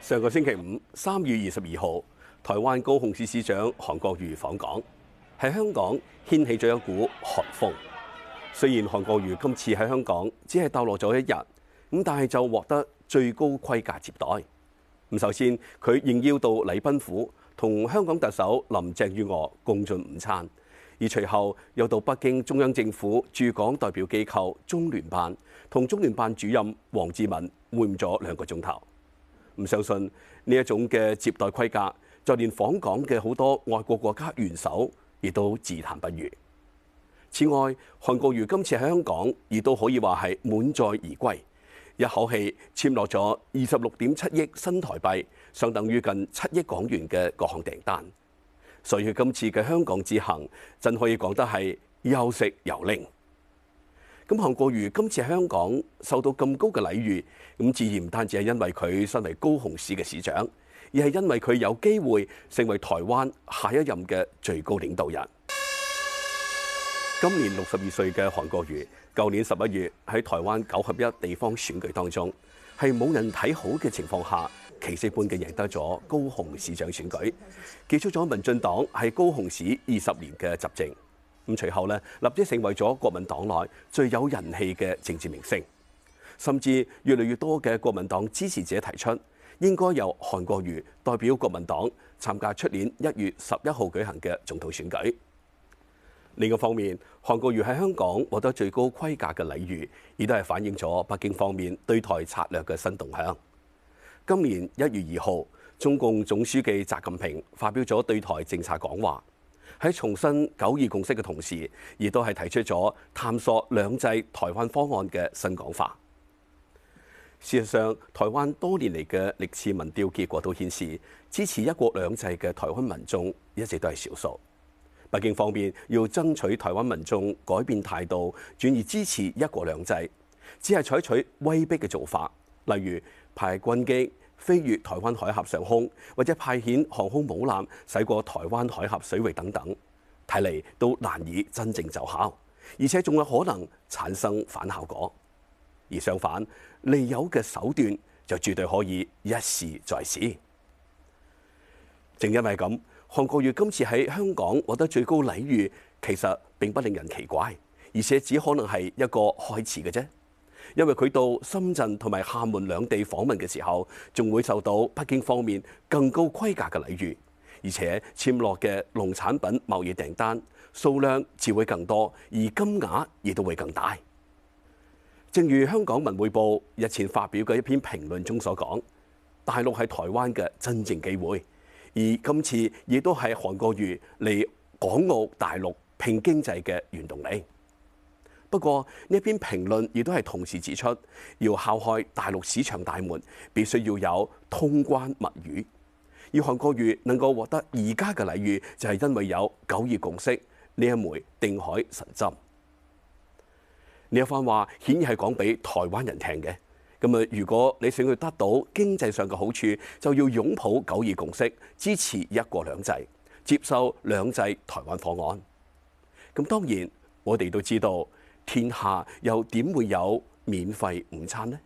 上個星期五，三月二十二號，台灣高雄市市長韓國瑜訪港，喺香港掀起咗一股韓風。雖然韓國瑜今次喺香港只係逗留咗一日，咁但係就獲得最高規格接待。咁首先，佢應邀到禮賓府同香港特首林鄭月娥共進午餐，而隨後又到北京中央政府駐港代表機構中聯辦，同中聯辦主任王志民會晤咗兩個鐘頭。唔相信呢一種嘅接待規格，就連訪港嘅好多外國國家元首，亦都自嘆不如。此外，韓國瑜今次喺香港，亦都可以話係滿載而歸，一口氣簽落咗二十六點七億新台幣，相等於近七億港元嘅各項訂單。所以今次嘅香港之行，真可以講得係休息遊令。咁韓國瑜今次喺香港受到咁高嘅禮遇，咁自然唔單止係因為佢身為高雄市嘅市長，而係因為佢有機會成為台灣下一任嘅最高領導人。今年六十二歲嘅韓國瑜，舊年十一月喺台灣九合一地方選舉當中，係冇人睇好嘅情況下，奇蹟般嘅贏得咗高雄市長選舉，結束咗民進黨喺高雄市二十年嘅執政。咁隨後呢，立即成為咗國民黨內最有人氣嘅政治明星，甚至越嚟越多嘅國民黨支持者提出，應該由韓國瑜代表國民黨參加出年一月十一號舉行嘅總統選舉。另一方面，韓國瑜喺香港獲得最高規格嘅禮遇，亦都係反映咗北京方面對台策略嘅新動向。今年一月二號，中共總書記習近平發表咗對台政策講話。喺重申九二共識嘅同時，亦都係提出咗探索兩制台灣方案嘅新講法。事實上，台灣多年嚟嘅歷次民調結果都顯示，支持一國兩制嘅台灣民眾一直都係少數。北京方面要爭取台灣民眾改變態度，轉而支持一國兩制，只係採取威逼嘅做法，例如派軍機。飛越台灣海峽上空，或者派遣航空母艦駛過台灣海峽水域等等，睇嚟都難以真正奏效，而且仲有可能產生反效果。而相反，利誘嘅手段就絕對可以一試再試。正因為咁，韓國瑜今次喺香港獲得最高禮遇，其實並不令人奇怪，而且只可能係一個開始嘅啫。因為佢到深圳同埋廈門兩地訪問嘅時候，仲會受到北京方面更高規格嘅禮遇，而且簽落嘅農產品貿易訂單數量自會更多，而金額亦都會更大。正如香港文匯報日前發表嘅一篇評論中所講，大陸係台灣嘅真正機會，而今次亦都係韓國瑜嚟港澳大陸拼經濟嘅原動力。不過呢篇評論亦都係同時指出，要敲開大陸市場大門，必須要有通關密語。要韓國瑜能夠獲得而家嘅禮遇，就係因為有九二共識呢一枚定海神針。呢一番話顯然係講俾台灣人聽嘅。咁啊，如果你想要得到經濟上嘅好處，就要擁抱九二共識，支持一國兩制，接受兩制台灣方案。咁當然我哋都知道。天下又點會有免費午餐呢？